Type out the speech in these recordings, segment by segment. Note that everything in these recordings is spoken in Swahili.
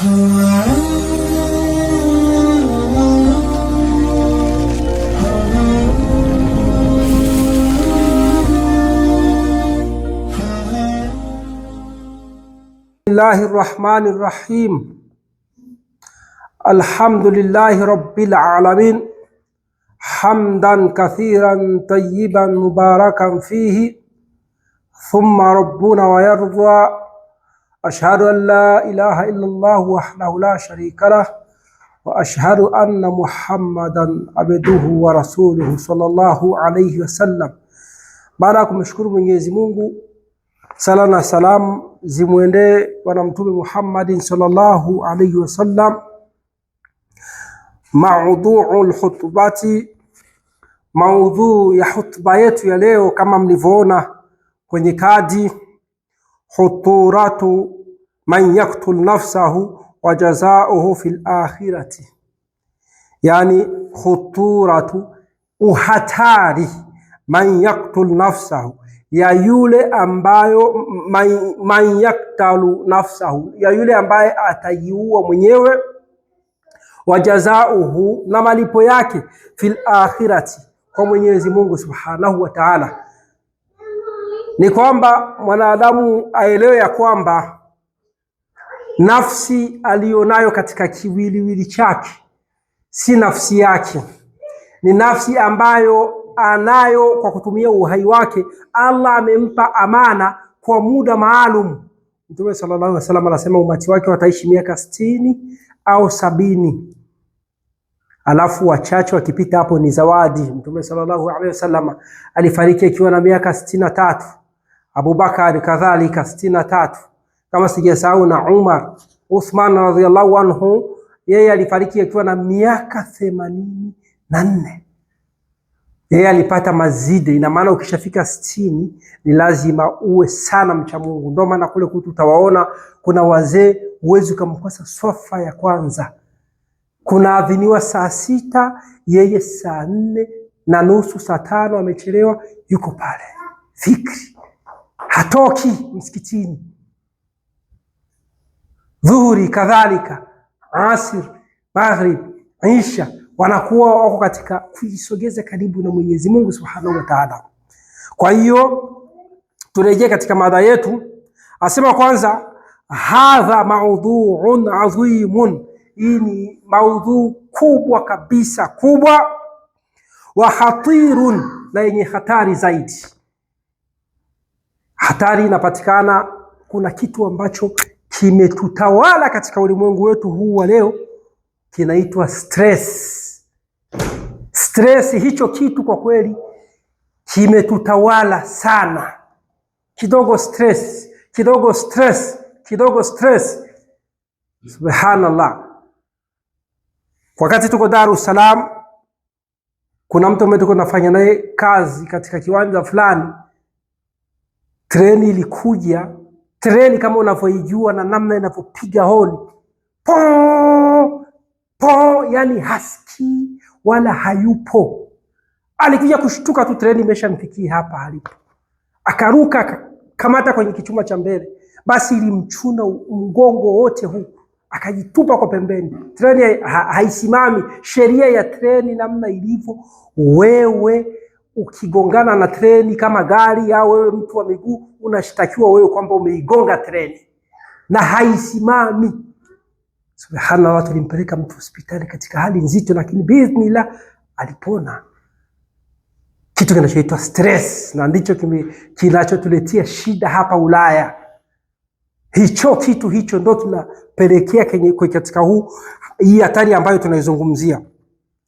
الله الرحمن الرحيم الحمد لله رب العالمين حمدا كثيرا طيبا مباركا فيه ثم ربنا ويرضى أشهد أن لا إله إلا الله وحده لا شريك له وأشهد أن محمدا عبده ورسوله صلى الله عليه وسلم بارك مشكور من يزمونه سلام سلام زمونة ونمتوب محمد صلى الله عليه وسلم موضوع الخطبات موضوع يحطبات يليه كما منفونا ونكادي خطورات man yaktul nafsahu wa jazauhu fil akhirati, yani khuturatu uhatari man yaktul nafsahu ya yule ambayo man, man yaktalu nafsahu ya yule ambaye atajiua mwenyewe, wajazauhu na malipo yake fil akhirati, kwa Mwenyezi Mungu Subhanahu wa Ta'ala. Ni kwamba mwanadamu aelewe ya kwamba Nafsi aliyonayo katika kiwiliwili chake si nafsi yake, ni nafsi ambayo anayo kwa kutumia uhai wake. Allah amempa amana kwa muda maalum. Mtume sallallahu alaihi wasallam anasema umati wake wataishi miaka sitini au sabini, alafu wachache wakipita hapo ni zawadi. Mtume sallallahu alaihi wasallam alifariki akiwa na miaka sitini na tatu, Abubakar kadhalika sitini na tatu kama sijasahau na Umar Uthman radhiallahu anhu, yeye alifariki akiwa na miaka themanini na nne. Yeye alipata mazidi. Ina maana ukishafika sitini ni lazima uwe sana mcha Mungu. Ndio maana kule kutu utawaona kuna wazee huwezi ukamkosa sofa ya kwanza, kuna adhiniwa saa sita, yeye saa nne na nusu, saa tano amechelewa, yuko pale fikri, hatoki msikitini dhuhuri, kadhalika asir, maghrib, isha, wanakuwa wako katika kujisogeza karibu na Mwenyezi Mungu Subhanahu wa Ta'ala. Kwa hiyo turejee katika mada yetu, asema kwanza, hadha maudhuun adhimun, hii ni maudhu kubwa kabisa kubwa, wa hatirun na yenye hatari zaidi. Hatari inapatikana, kuna kitu ambacho kimetutawala katika ulimwengu wetu huu wa leo kinaitwa stress. Stress, hicho kitu kwa kweli kimetutawala sana. Kidogo stress, kidogo stress, kidogo stress. Subhanallah. Wakati tuko Dar es Salaam, kuna mtu ambaye tuko nafanya naye kazi katika kiwanja fulani, treni ilikuja treni kama unavyoijua na namna inavyopiga honi po po, yani haski wala hayupo. Alikuja kushtuka tu, treni imeshamfikia hapa alipo, akaruka kamata kwenye kichuma cha mbele, basi ilimchuna mgongo wote huu, akajitupa kwa pembeni. Treni ha haisimami. Sheria ya treni namna ilivyo, wewe ukigongana na treni kama gari au wewe mtu wa miguu, unashtakiwa wewe kwamba umeigonga treni na haisimami. Subhanallah, tulimpeleka mtu hospitali katika hali nzito, lakini biidhnillah alipona. Kitu kinachoitwa stress, na ndicho kinachotuletea shida hapa Ulaya. Hicho kitu hicho ndo kinapelekea katika huu hii hatari ambayo tunaizungumzia.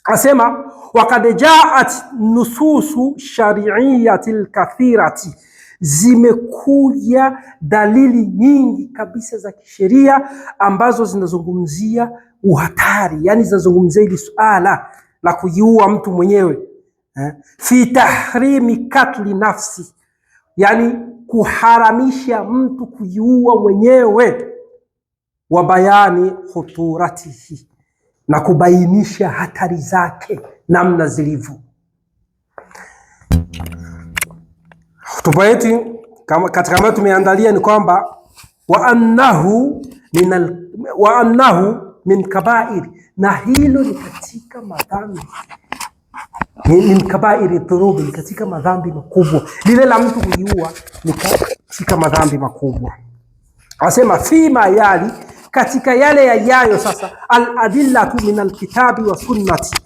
Asema wakad jaat nususu shariiyati lkathirati, zimekuja dalili nyingi kabisa za kisheria ambazo zinazungumzia uhatari, yani zinazungumzia hili suala la kujiua mtu mwenyewe eh, fi tahrimi katli nafsi, yani kuharamisha mtu kujiua mwenyewe, wa bayani khuturatihi na kubainisha hatari zake namna zilivyo. Hotuba yetu katika ambayo tumeandalia ni kwamba wa annahu min wa annahu min kabair, na hilo ni katika madhambi min kabairi dhunubi, ni katika madhambi makubwa. Lile la mtu kujiua ni katika madhambi makubwa. asema fima yali katika yale yajayo. Sasa aladillatu min alkitabi wa sunnati,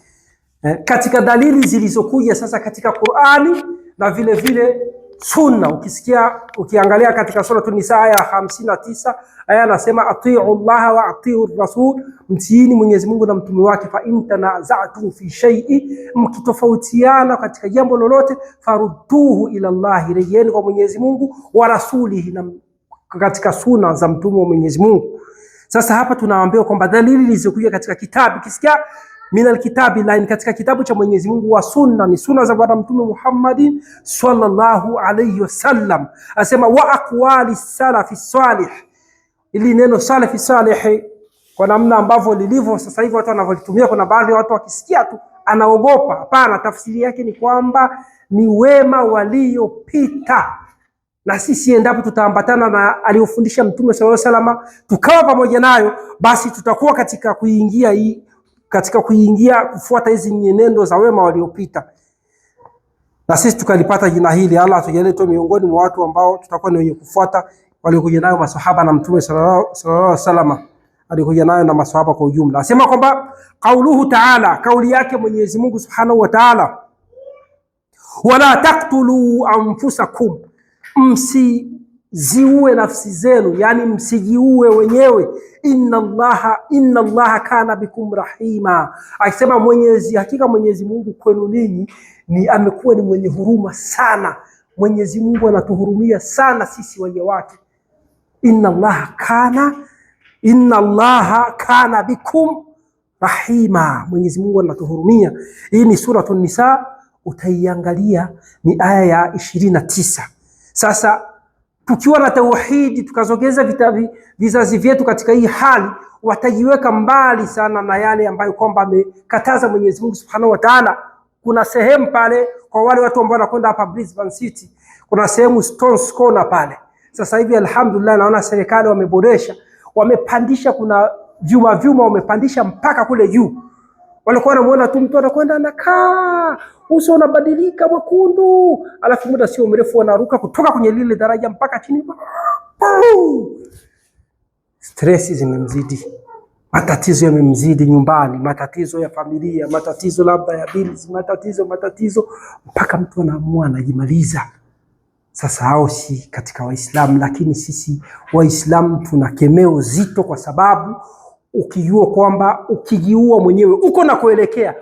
eh, katika dalili zilizokuja sasa katika Qur'ani na vile vile sunna. Ukisikia ukiangalia katika sura Nisa aya ya 59 aya anasema atiu llaha wa atiu rasul, mtiini Mwenyezi Mungu na mtume wake. Fa in fi shay'i, mkitofautiana katika jambo lolote, farudduhu ila llahi, rejeeni kwa Mwenyezi Mungu wa rasulihi, na katika sunna za mtume wa Mwenyezi Mungu sasa hapa tunaambiwa kwamba dalili zilizokuja katika kitabu kisikia min kitabi lain, katika kitabu cha Mwenyezi Mungu wa sunna, ni sunna za Bwana Mtume Muhammadin sallallahu alayhi wasallam, asema wa aqwali salafi salih. Ili neno salafi salih kwa namna ambavyo lilivyo sasa hivi watu wanavyolitumia, kuna baadhi ya watu wakisikia tu anaogopa. Hapana, tafsiri yake ni kwamba ni wema waliopita na sisi endapo tutaambatana na aliyofundisha Mtume sallallahu alaihi wasallam tukawa pamoja nayo, basi tutakuwa katika kuingia hii katika kuingia kufuata hizi nyenendo za wema waliopita, na sisi tukalipata jina hili. Allah atujalie tu miongoni mwa watu ambao tutakuwa ni wenye kufuata waliokuja nayo maswahaba na Mtume sallallahu alaihi wasallam alikuja nayo na maswahaba kwa ujumla. Asema kwamba kauluhu taala, kauli yake Mwenyezi Mungu subhanahu wa taala, wala taktulu anfusakum msiziue nafsi zenu, yani msijiue wenyewe. inna Allaha, inna Allaha kana bikum rahima, akisema Mwenyezi, hakika Mwenyezi Mungu kwenu ninyi ni amekuwa ni mwenye huruma sana. Mwenyezi Mungu anatuhurumia sana sisi waja wake. inna Allaha kana inna Allaha kana bikum rahima, Mwenyezi Mungu anatuhurumia. Hii ni Suratu Nisa, utaiangalia ni aya ya ishirini na tisa. Sasa tukiwa na tauhidi tukazogeza vitavi, vizazi vyetu katika hii hali watajiweka mbali sana na yale ambayo kwamba amekataza Mwenyezi Mungu Subhanahu wa Ta'ala. Kuna sehemu pale kwa wale watu ambao wanakwenda hapa Brisbane City, kuna sehemu Stones Corner pale. Sasa hivi alhamdulillah, naona serikali wameboresha, wamepandisha, kuna vyuma vyuma wamepandisha mpaka kule juu. Walikuwa wanamuona tu mtu anakwenda anakaa uso unabadilika mwekundu, alafu muda sio mrefu wanaruka kutoka kwenye lile daraja mpaka chini. Stresi zimemzidi, matatizo yamemzidi nyumbani, matatizo ya familia, matatizo labda ya bills, matatizo matatizo, mpaka mtu anaamua anajimaliza. Sasa hao si katika Waislamu, lakini sisi Waislamu tuna kemeo zito, kwa sababu ukijua kwamba ukijiua mwenyewe uko na kuelekea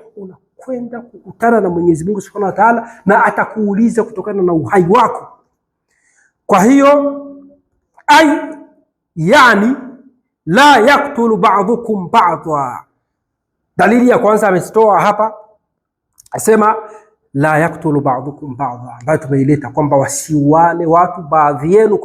kwenda kukutana na Mwenyezi Mungu Subhanahu wa Ta'ala, na atakuuliza kutokana na uhai wako. Kwa hiyo ai, yani la yaktulu ba'dhukum ba'dha. Dalili ya kwanza amesitoa hapa, asema la yaktulu ba'dhukum ba'dha, ambayo tumeileta kwamba wasiwane watu baadhi yenu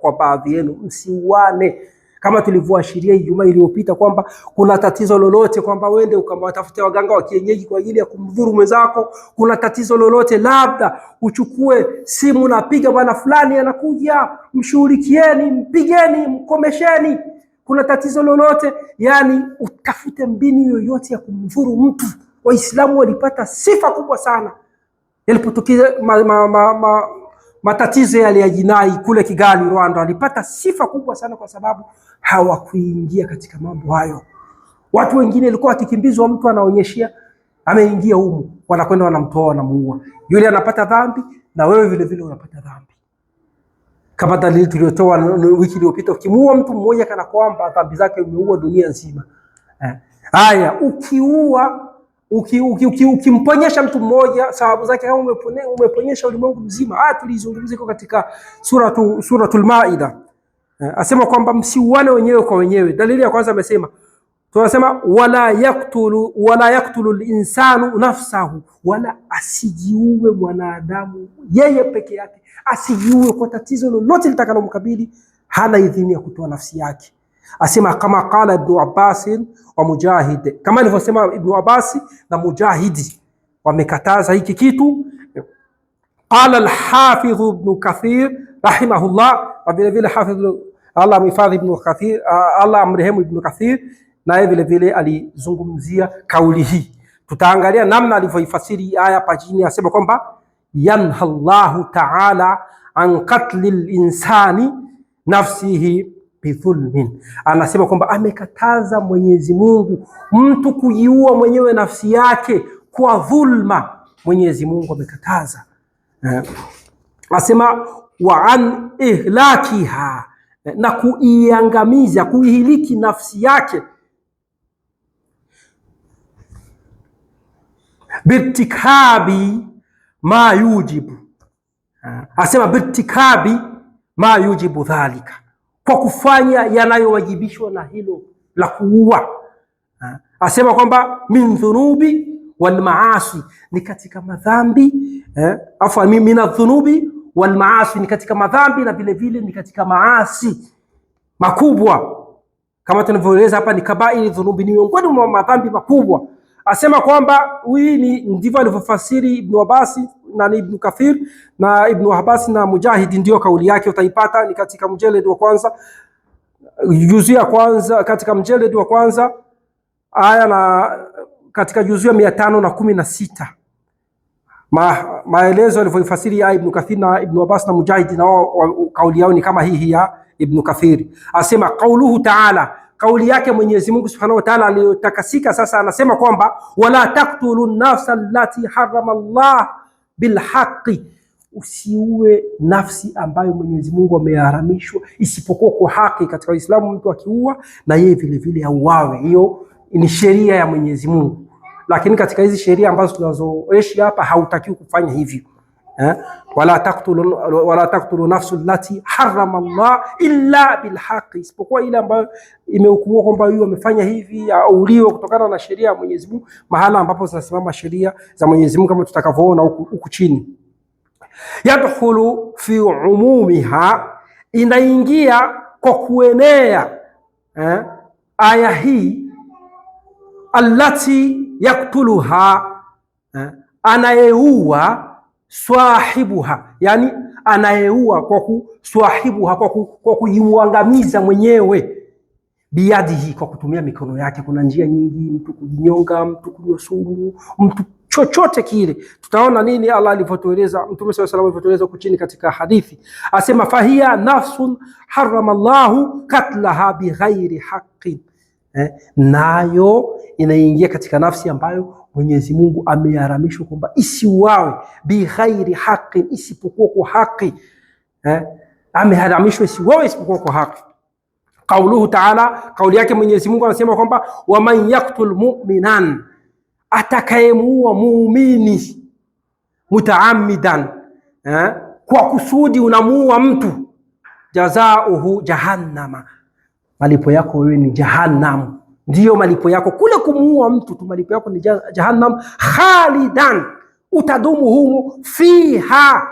kwa baadhi yenu, msiwane kama tulivyoashiria Ijumaa iliyopita kwamba kuna tatizo lolote, kwamba uende ukawatafute waganga wa kienyeji kwa ajili ya kumdhuru mwenzako. Kuna tatizo lolote, labda uchukue simu, na piga bwana fulani anakuja, mshughulikieni, mpigeni, mkomesheni. Kuna tatizo lolote, yani utafute mbinu yoyote ya kumdhuru mtu. Waislamu walipata sifa kubwa sana yalipotokea ma, ma, ma, ma, matatizo yale ya jinai kule Kigali, Rwanda, walipata sifa kubwa sana kwa sababu hawakuingia katika mambo hayo. Watu wengine walikuwa wakikimbizwa, mtu anaonyeshia ameingia humu, wanakwenda wanamtoa, wanamuua. Yule anapata dhambi na wewe vile vile unapata dhambi, kama dalili tuliotoa wiki iliyopita. Ukimuua mtu mmoja, kana kwamba dhambi zake umeua dunia nzima. Eh, haya, ukiua Ukimponyesha uki, uki, uki mtu mmoja sababu zake kama umeponyesha ulimwengu mzima. aya tulizungumza iko katika suratu suratul Maida. Eh, asema kwamba msiuane wenyewe kwa wenyewe. Dalili ya kwanza amesema tunasema wala yaktulu wala yaktulu linsanu nafsahu, wala asijiue mwanadamu yeye peke yake, asijiue kwa tatizo lolote litakalomkabili, hana idhini ya kutoa nafsi yake asema kama qala Ibnu Abbasin wa Mujahid, kama alivyosema Ibnu Abbasi na Mujahidi wamekataza hiki kitu. Qala Alhafidhu Ibnu Kathir rahimahullah, na vilevile hafidhu Allah amhifadhi Ibnu Kathir, Allah amrehemu Ibnu Kathir naye vilevile alizungumzia kauli hii. Tutaangalia namna alivyoifasiri aya hapa chini, asema kwamba yanha Allahu taala an katli linsani nafsihi bidhulmin, anasema kwamba amekataza Mwenyezi Mungu mtu kujiua mwenyewe nafsi yake kwa dhulma. Mwenyezi Mungu amekataza, anasema eh, wa an ihlakiha, eh, na kuiangamiza kuihiliki nafsi yake birtikabi ma yujibu, eh, asema birtikabi ma yujibu dhalika kwa kufanya yanayowajibishwa na hilo la kuua. Asema kwamba min dhunubi wal maasi, ni katika madhambi eh, afwan, min dhunubi wal maasi, ni katika madhambi na vile vile ni katika maasi makubwa, kama tunavyoeleza hapa, ni kabairi dhunubi, ni miongoni mwa madhambi makubwa asema kwamba hii ndivyo alivyofasiri Ibn Abasi na Ibn Kathir na Ibnu Abasi na Mujahidi, ndio kauli yake. Utaipata ni katika mjeledi wa kwanza juzu ya kwanza katika mjeledi wa kwanza aya na katika juzu ya mia tano na kumi na sita ma, maelezo alivyofasiri ya Ibn Kathir na Ibn Abbas na Mujahidi, na wao kauli yao ni kama hii ya Ibnu Kathir, asema qauluhu taala kauli yake Mwenyezi Mungu Subhanahu wa Ta'ala aliyotakasika. Sasa anasema kwamba wala taktulu nafsa allati harama Allah bilhaqi, usiue nafsi ambayo Mwenyezi Mungu ameharamishwa isipokuwa kwa haki. Katika Uislamu mtu akiua na yeye vile vile auawe, hiyo ni sheria ya Mwenyezi Mungu, lakini katika hizi sheria ambazo tunazoeshi hapa hautakiwi kufanya hivyo wala taqtulu wala taqtulu nafsu allati harrama Allah illa bil haqq, isipokuwa ile ambayo imehukumiwa kwamba huyu amefanya hivi auliwe kutokana na sheria ya Mwenyezi Mungu, mahala ambapo zinasimama sheria za Mwenyezi Mungu kama tutakavyoona huku chini. Yadkhulu fi umumiha, inaingia kwa kuenea eh, aya hii allati yaktuluha eh, anayeua swahibuha, yani anayeua kwa kuswahibuha, kwa kuiuangamiza mwenyewe biadihi, kwa kutumia mikono yake. Kuna njia nyingi, mtu kujinyonga, mtu kunywa sumu, mtu chochote kile. Tutaona nini Allah alivyotueleza, Mtume swalla sallam alivyotueleza huko chini katika hadithi, asema fahiya nafsun harama llahu katlaha bighairi haqqin. eh, nayo inaingia katika nafsi ambayo Mwenyezi Mungu ameharamishwa kwamba isiuawe, bighairi haqin, isipokuwa kwa haki eh? Ameharamishwa isiuawe isipokuwa kwa haki. Kauluhu taala, kauli yake Mwenyezi Mungu anasema kwamba waman yaktul mu'minan, atakayemuua muumini mutaamidan eh? Kwa kusudi unamuua mtu, jazauhu jahannama, malipo yako wewe ni jahannamu ndiyo malipo yako. Kule kumuua mtu tu malipo yako ni jahannam, khalidan utadumu humo, fiha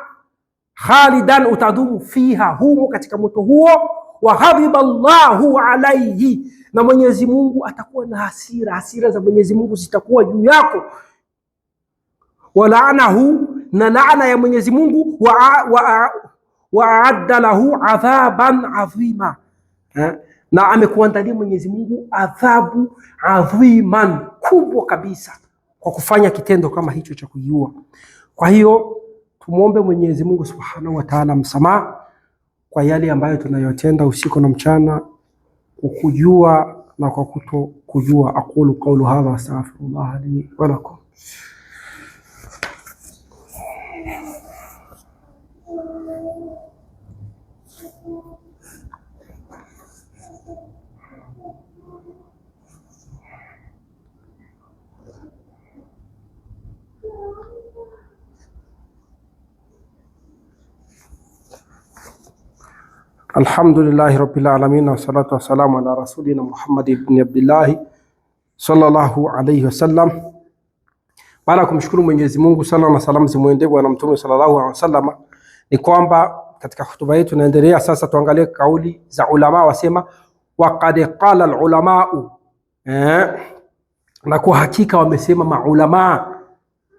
khalidan utadumu fiha, humo katika moto huo, wa ghadhiba Allahu alayhi, na Mwenyezi Mungu atakuwa na hasira. Hasira za Mwenyezi Mungu zitakuwa juu yako, walaanahu, na laana ya Mwenyezi Mungu, wa aadda lahu adhaban adhima ha? Eh? na amekuandalia Mwenyezi Mungu adhabu adhiman kubwa kabisa kwa kufanya kitendo kama hicho cha kujiua. Kwa hiyo tumwombe Mwenyezi Mungu Subhanahu wa Ta'ala msamaha kwa yale ambayo tunayotenda usiku na mchana, kujua na kwa kuto kujua. aqulu qawlu hadha astaghfirullah li wa lakum. Alhamdulillahi rabbil alamin wassalatu wassalamu ala rasulina Muhammad ibn Abdullah sallallahu alayhi wasallam. Baada ya kumshukuru Mwenyezi Mungu, sala na salamu zimwendee bwana mtume sallallahu alayhi wasallam. Ni kwamba katika hutuba yetu naendelea sasa, tuangalie kauli za ulama wasema, waqad qala alulama eh, na kwa hakika wamesema maulama,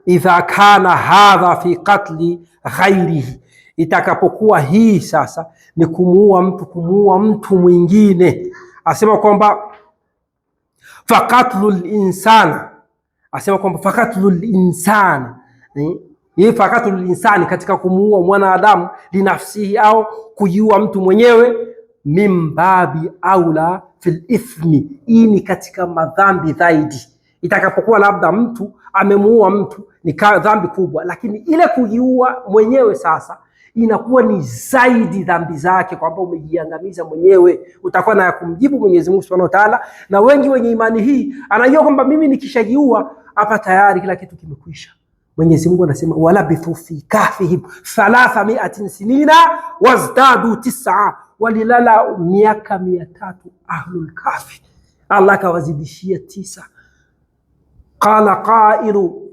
idha kana hadha fi qatli ghairihi itakapokuwa hii sasa ni kumuua mtu, kumuua mtu mwingine. Asema kwamba fakatlu linsan, asema kwamba fakatlu linsana hii fakatlu linsani, katika kumuua mwanadamu linafsihi, au kujiua mtu mwenyewe, mimbabi aula fil ithmi, hii ni katika madhambi zaidi itakapokuwa labda mtu amemuua mtu ni dhambi kubwa, lakini ile kujiua mwenyewe sasa inakuwa ni zaidi dhambi zake, kwamba umejiangamiza mwenyewe, utakuwa na kumjibu Mwenyezi Mungu Subhanahu wa Ta'ala. Na wengi wenye imani hii anajua kwamba mimi nikishajiua hapa tayari kila kitu kimekwisha. Mwenyezi Mungu anasema walabithu fi kahfihim thalatha miatin sinina wazdadu tisa walilala miaka mia tatu ahlul kahfi, Allah akawazidishia tisa. Qala qailu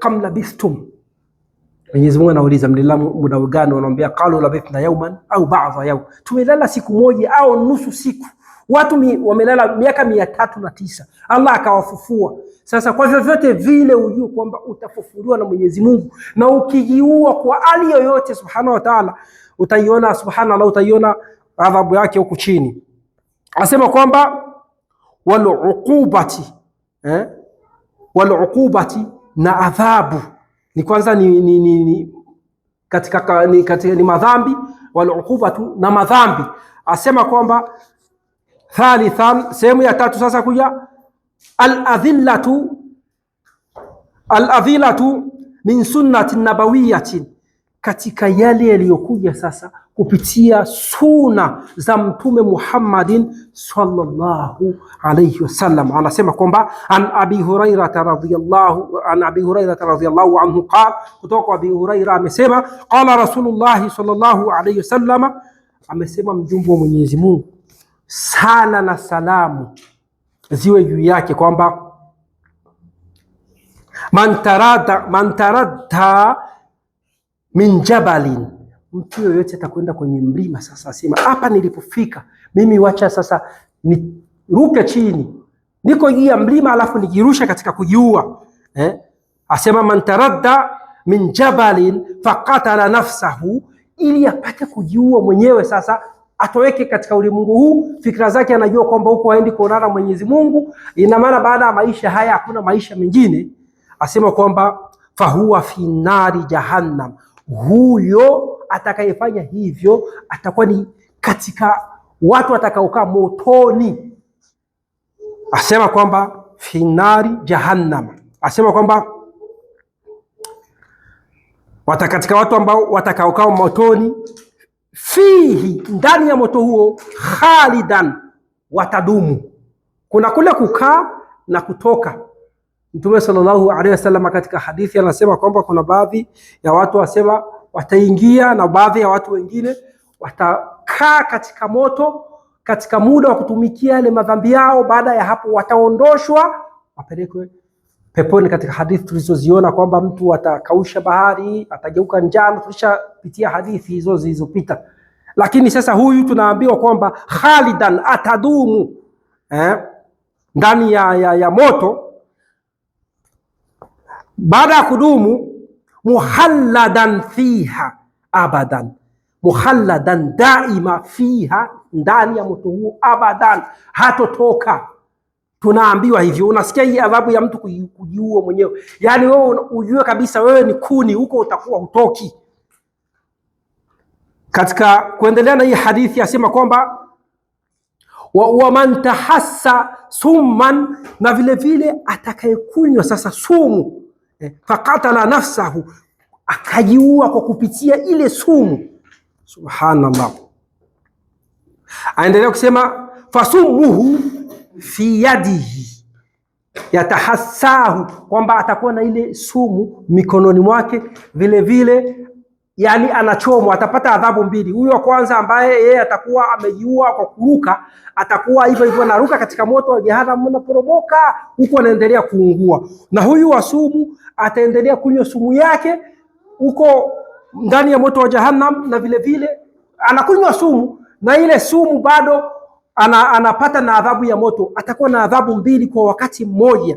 kam eh, labithtum Mwenyezi Mungu anauliza muda gani? Wanaambia qalu labithna yawman au ba'dha yawm, tumelala siku moja au nusu siku. Watu mi, wamelala miaka mia tatu na tisa Allah akawafufua. Sasa kwa vyovyote vile ujue kwamba utafufuliwa na Mwenyezi Mungu, na ukijiua kwa hali yoyote subhanahu wa ta'ala, utaiona subhanallah, utaiona adhabu yake huku chini. Asema kwamba waluqubati eh, waluqubati na adhabu ni kwanza ni, ni, ni, ni, katika, ni, katika, ni madhambi tu na madhambi. Asema kwamba thalithan, sehemu ya tatu sasa kuja aladhillatu, aladhillatu min sunnati nabawiyatin katika yale yaliyokuja sasa kupitia suna za Mtume Muhammadin sallallahu alayhi wasallam, anasema kwamba an abi hurairata radhiyallahu an abi hurairata radhiyallahu anhu qala, kutoka kwa Abi Huraira amesema qala Rasulullah sallallahu alayhi wasallam, amesema mjumbe wa Mwenyezi Mungu, sala na salamu ziwe juu yake kwamba man taradda man taradda min jabalin, mtu yoyote atakwenda kwenye mlima sasa, asema hapa nilipofika mimi, wacha sasa niruke chini, niko juu ya mlima alafu nijirusha katika kujiua eh? Asema man taradda min jabalin faqatala nafsahu, ili apate kujiua mwenyewe sasa atoweke katika ulimwengu huu. Fikra zake anajua kwamba huko haendi kuonana Mwenyezi Mungu, ina maana baada ya maisha haya hakuna maisha mengine. Asema kwamba fahuwa fi nari jahannam, huyo atakayefanya hivyo atakuwa ni katika watu watakaokaa motoni. Asema kwamba finari jahannam, asema kwamba wata katika watu ambao watakaokaa motoni, fihi, ndani ya moto huo, khalidan, watadumu. Kuna kule kukaa na kutoka Mtume sallallahu alaihi wasallam katika hadithi anasema kwamba kuna baadhi ya watu wasema wataingia na baadhi ya watu wengine watakaa katika moto katika muda wa kutumikia yale madhambi yao. Baada ya hapo wataondoshwa wapelekwe peponi. Katika hadithi tulizoziona kwamba mtu atakausha bahari, atageuka njano, tulishapitia hadithi hizo zilizopita. Lakini sasa huyu tunaambiwa kwamba khalidan atadumu eh, ndani ya, ya, ya moto baada ya kudumu muhalladan fiha abadan, muhalladan daima fiha, ndani ya moto huo abadan, hatotoka. Tunaambiwa hivyo. Unasikia hii adhabu ya mtu kujiua mwenyewe, yaani wewe ujue kabisa wewe ni kuni huko, utakuwa hutoki. Katika kuendelea na hii hadithi asema kwamba waman tahassa summan, na vilevile atakayekunywa sasa sumu Eh, fakatala nafsahu, akajiua kwa kupitia ile sumu. Subhanallah. Aendelea kusema fasumuhu fi yadihi yatahasahu, kwamba atakuwa na ile sumu mikononi mwake, vile vile yani anachomwa, atapata adhabu mbili. Huyu wa kwanza ambaye yeye atakuwa amejiua kwa kuruka, atakuwa hivyo hivyo anaruka katika moto wa jehanamu, anaporomoka huku anaendelea kuungua, na huyu wa sumu ataendelea kunywa sumu yake huko ndani ya moto wa jahannam, na vile vile anakunywa sumu na ile sumu bado ana, anapata na adhabu ya moto. Atakuwa na adhabu mbili kwa wakati mmoja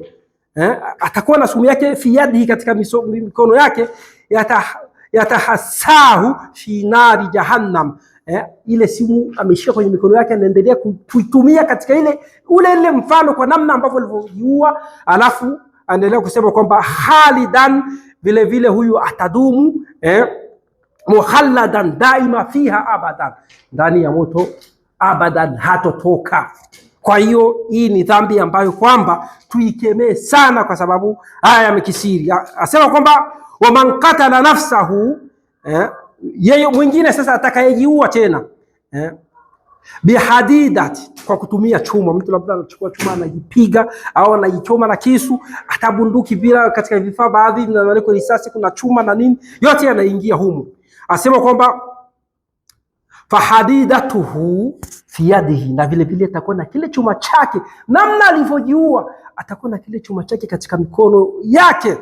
eh? Atakuwa na sumu yake fiadihi katika mikono yake yata yatahasahu fi nari jahannam eh, ile simu ameshika kwenye mikono yake, anaendelea kuitumia katika ile ule ile mfano kwa namna ambavyo alivyojua, alafu anaendelea kusema kwamba halidan vile vile huyu atadumu eh, muhalladan daima fiha abadan, ndani ya moto abadan, hatotoka. Kwa hiyo hii ni dhambi ambayo kwamba tuikemee sana, kwa sababu haya yamekisiri. Asema kwamba wa man qatala nafsahu eh, yeye mwingine sasa atakayejiua tena eh, bihadidati, kwa kutumia chuma. Mtu labda anachukua chuma anajipiga au anajichoma na kisu, hata bunduki bila, katika vifaa baadhi vinawekwa risasi, kuna chuma na nini, yote yanaingia humo. Asema kwamba fahadidatuhu fi yadihi, na vile vile atakuwa na kile chuma chake, namna alivyojiua atakuwa na kile chuma chake katika mikono yake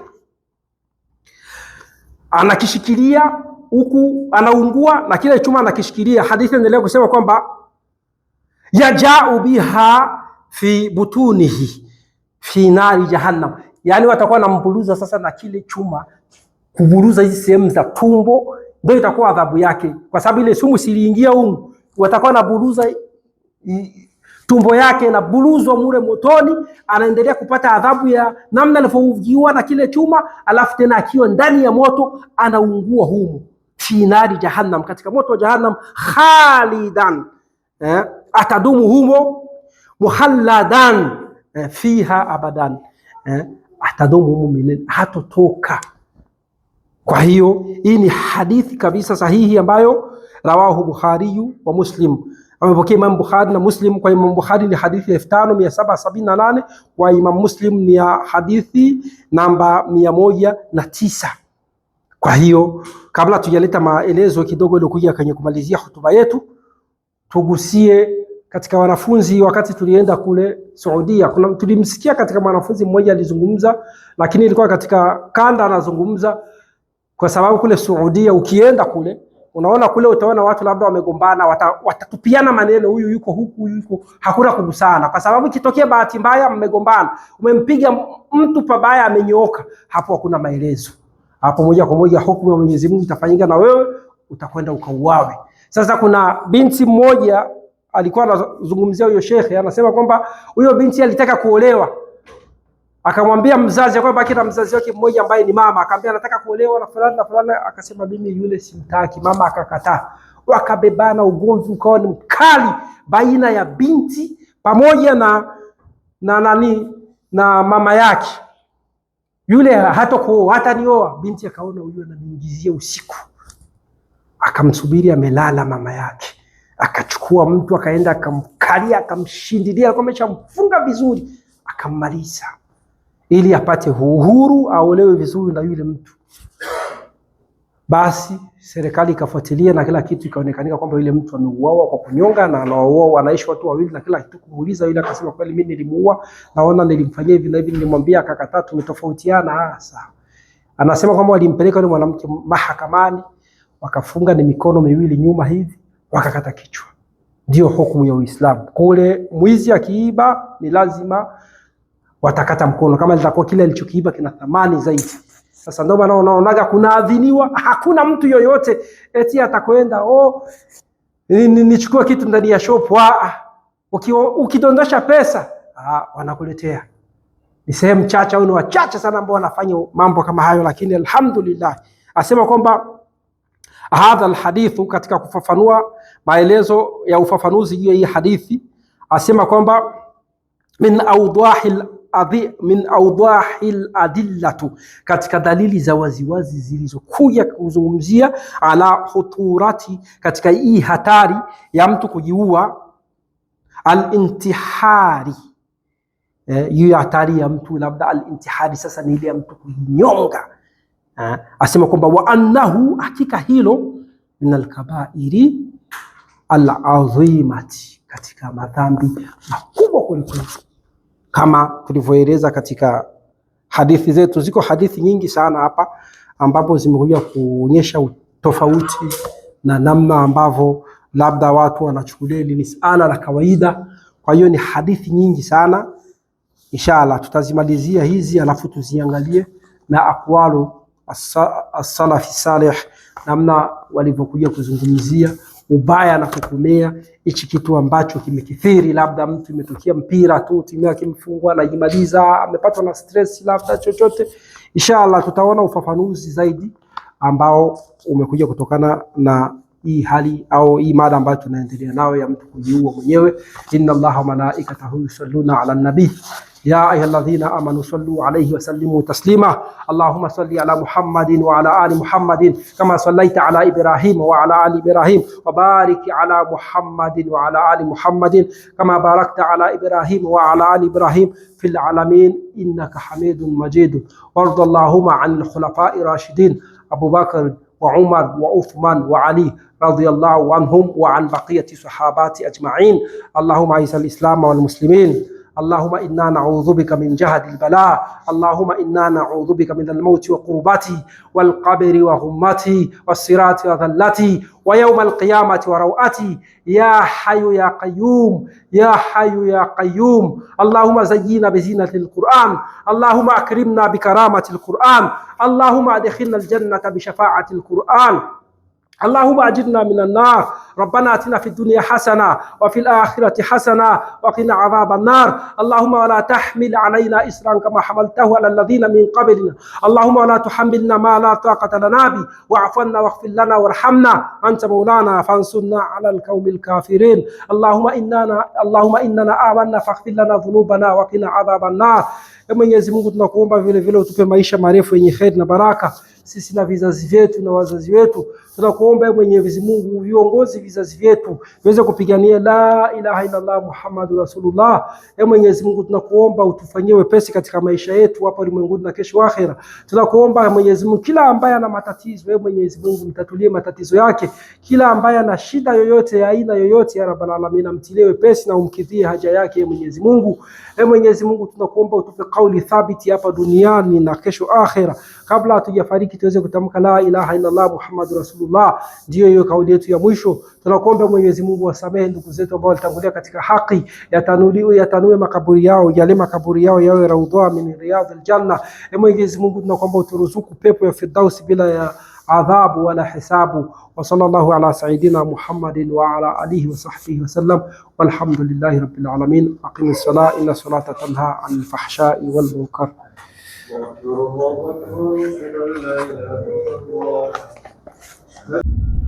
anakishikilia huku anaungua na kile chuma anakishikilia. Hadithi inaendelea kusema kwamba yajau biha fi butunihi fi nari jahannam, yaani watakuwa namburuza sasa na kile chuma kuburuza hizi sehemu za tumbo, ndio itakuwa adhabu yake, kwa sababu ile sumu siliingia humu, watakuwa naburuza tumbo yake inabuluzwa mure motoni, anaendelea kupata adhabu ya namna alivyojiua na kile chuma, alafu tena akiwa ndani ya moto anaungua humo, fi nari jahannam, katika moto wa jahannam, khalidan eh, atadumu humo, muhalladan eh, fiha abadan eh, atadumu humo milele, hatotoka. Kwa hiyo hii ni hadithi kabisa sahihi ambayo rawahu Bukhariyu wa Muslim amepokea Imam Bukhari na Muslim. Kwa Imam Bukhari ni hadithi 5778 kwa Imam Muslim ni hadithi namba 109. Kwa hiyo kabla tujaleta maelezo kidogo ilikuja kwenye kumalizia hotuba yetu, tugusie katika wanafunzi. Wakati tulienda kule Saudia, kuna tulimsikia katika mwanafunzi mmoja alizungumza, lakini ilikuwa katika kanda anazungumza, kwa sababu kule Saudia ukienda kule Unaona kule utaona watu labda wamegombana, watatupiana maneno, huyu yuko huku, yuko hakuna kugusana, kwa sababu ikitokea bahati mbaya mmegombana, umempiga mtu pabaya, amenyooka, hapo hakuna maelezo, hapo moja kwa moja hukumu ya Mwenyezi Mungu itafanyika na wewe utakwenda ukauawe. Sasa kuna binti mmoja alikuwa anazungumzia huyo shekhe, anasema kwamba huyo binti alitaka kuolewa akamwambia mzazi kwamba kila mzazi wake mmoja ambaye ni mama akamwambia nataka kuolewa na fulani na fulani, akasema mimi yule simtaki. Mama akakataa, wakabebana, ugomvi ukawa ni mkali baina ya binti pamoja na na nani na mama yake yule, hata kuoa hata nioa. Binti akaona huyu ananiingizia usiku, akamsubiri amelala mama yake, akachukua mtu akaenda akamkalia, akamshindilia, alikuwa ameshamfunga vizuri, akammaliza ili apate uhuru aolewe vizuri na yule mtu. Basi serikali ikafuatilia na kila kitu, ikaonekanika kwamba yule mtu ameuawa kwa kunyonga na anaoa anaishi watu wawili na kila kitu. Kumuuliza yule akasema, kweli mimi nilimuua, naona nilimfanyia hivi na hivi, nilimwambia akakataa, tumetofautiana. Ah, Sasa anasema kwamba walimpeleka yule mwanamke mahakamani, wakafunga ni mikono miwili nyuma hivi, wakakata kichwa. Ndio hukumu ya Uislamu. Kule mwizi akiiba ni lazima watakata mkono, kama litakuwa kile alichokiiba kina thamani zaidi. Sasa ndio maana unaonaga kunaadhiniwa, hakuna mtu yoyote eti atakwenda oh, nichukua kitu ndani ya shop. wa Ukidondosha pesa ah, wanakuletea. Ni sehemu chache au ni wachache sana ambao wanafanya mambo kama hayo, lakini alhamdulillah, asema kwamba hadha alhadithu, katika kufafanua maelezo ya ufafanuzi juu ya hii hadithi, asema kwamba min awdahi adhi, min audahi adillatu, katika dalili za waziwazi zilizokuja kuzungumzia ala khuturati, katika hii hatari ya mtu kujiua, alintihari eh, hiyo hatari ya mtu labda alintihari, sasa ni ile ya mtu kujinyonga. Eh, asema kwamba wa annahu, hakika hilo min alkabairi aladhimati, katika madhambi makubwa kwelikweli kama tulivyoeleza katika hadithi zetu. Ziko hadithi nyingi sana hapa ambapo zimekuja kuonyesha tofauti na namna ambavyo labda watu wanachukulia ili ni suala la kawaida. Kwa hiyo ni hadithi nyingi sana, inshallah tutazimalizia hizi, alafu tuziangalie na aqwalu as-salafi salih, namna walivyokuja kuzungumzia ubaya na kukumea hichi kitu ambacho kimekithiri, labda mtu imetokea mpira tu timu yake imefungwa, anajimaliza, amepatwa na stress, labda chochote. Inshallah tutaona ufafanuzi zaidi ambao umekuja kutokana na hii hali au hii mada ambayo tunaendelea nayo ya mtu kujiua mwenyewe. Inna Allaha wa malaikatahu yusalluna ala nabii يا أيها الذين آمنوا صلوا عليه وسلموا تسليما اللهم صل على محمد وعلى آل محمد كما صليت على إبراهيم وعلى آل إبراهيم وبارك على محمد وعلى آل محمد كما باركت على إبراهيم وعلى آل إبراهيم في العالمين إنك حميد مجيد وارض اللهم عن الخلفاء الراشدين أبو بكر وعمر وعثمان وعلي رضي الله عنهم وعن بقية صحابات أجمعين اللهم أعز الإسلام والمسلمين اللهم إنا نعوذ بك من جهد البلاء اللهم إنا نعوذ بك من الموت وقربتي والقبر وهمتي والصراط وذلتي ويوم القيامة وروعتي يا حي يا قيوم يا حي يا قيوم اللهم زينا بزينة القرآن اللهم أكرمنا بكرامة القرآن اللهم أدخلنا الجنة بشفاعة القرآن اللهم اجرنا من النار ربنا اتنا في الدنيا حسنه وفي الاخره حسنه وقنا عذاب النار اللهم ولا تحمل علينا اسرا كما حملته على الذين من قبلنا اللهم ولا تحملنا ما لا طاقه لنا به واعف عنا واغفر لنا وارحمنا انت مولانا فانصرنا على القوم الكافرين اللهم اننا اللهم اننا امنا فاغفر لنا ذنوبنا وقنا عذاب النار Mwenyezi Mungu tunakuomba vile vile utupe maisha marefu yenye kheri na baraka sisi na vizazi vyetu na wazazi wetu Tunakuomba ee Mwenyezi Mungu viongozi vizazi vyetu viweze kupigania la ilaha illallah Muhammadu Rasulullah. E Mwenyezi Mungu, tunakuomba utufanyie wepesi katika maisha yetu hapa ulimwenguni na kesho akhera. Tunakuomba ee Mwenyezi Mungu, kila ambaye ana matatizo, e Mwenyezi Mungu, mtatulie matatizo yake. Kila ambaye ana shida yoyote ya aina yoyote, ya rabbal alamin, amtilie wepesi na umkidhie haja yake. E Mwenyezi Mungu, e Mwenyezi Mungu, tunakuomba utupe kauli thabiti hapa duniani na kesho akhera, kabla hatujafariki tuweze kutamka la ilaha illallah Muhammadu Rasulullah rahmatullah. Ndiyo hiyo kauli yetu ya mwisho. Tunakuomba Mwenyezi Mungu wasamehe ndugu zetu ambao walitangulia katika haki, yatanuliwe yatanue makaburi yao, yale makaburi yao yawe raudha min riyadil janna. E Mwenyezi Mungu, tunakuomba uturuzuku pepo ya Firdaus bila ya adhabu wala hisabu. Wa sallallahu ala sayidina Muhammadin wa ala alihi wa sahbihi wasallam, walhamdulillahi rabbil alamin. Aqimi sala inna salata tanha anil fahshai wal munkar. that's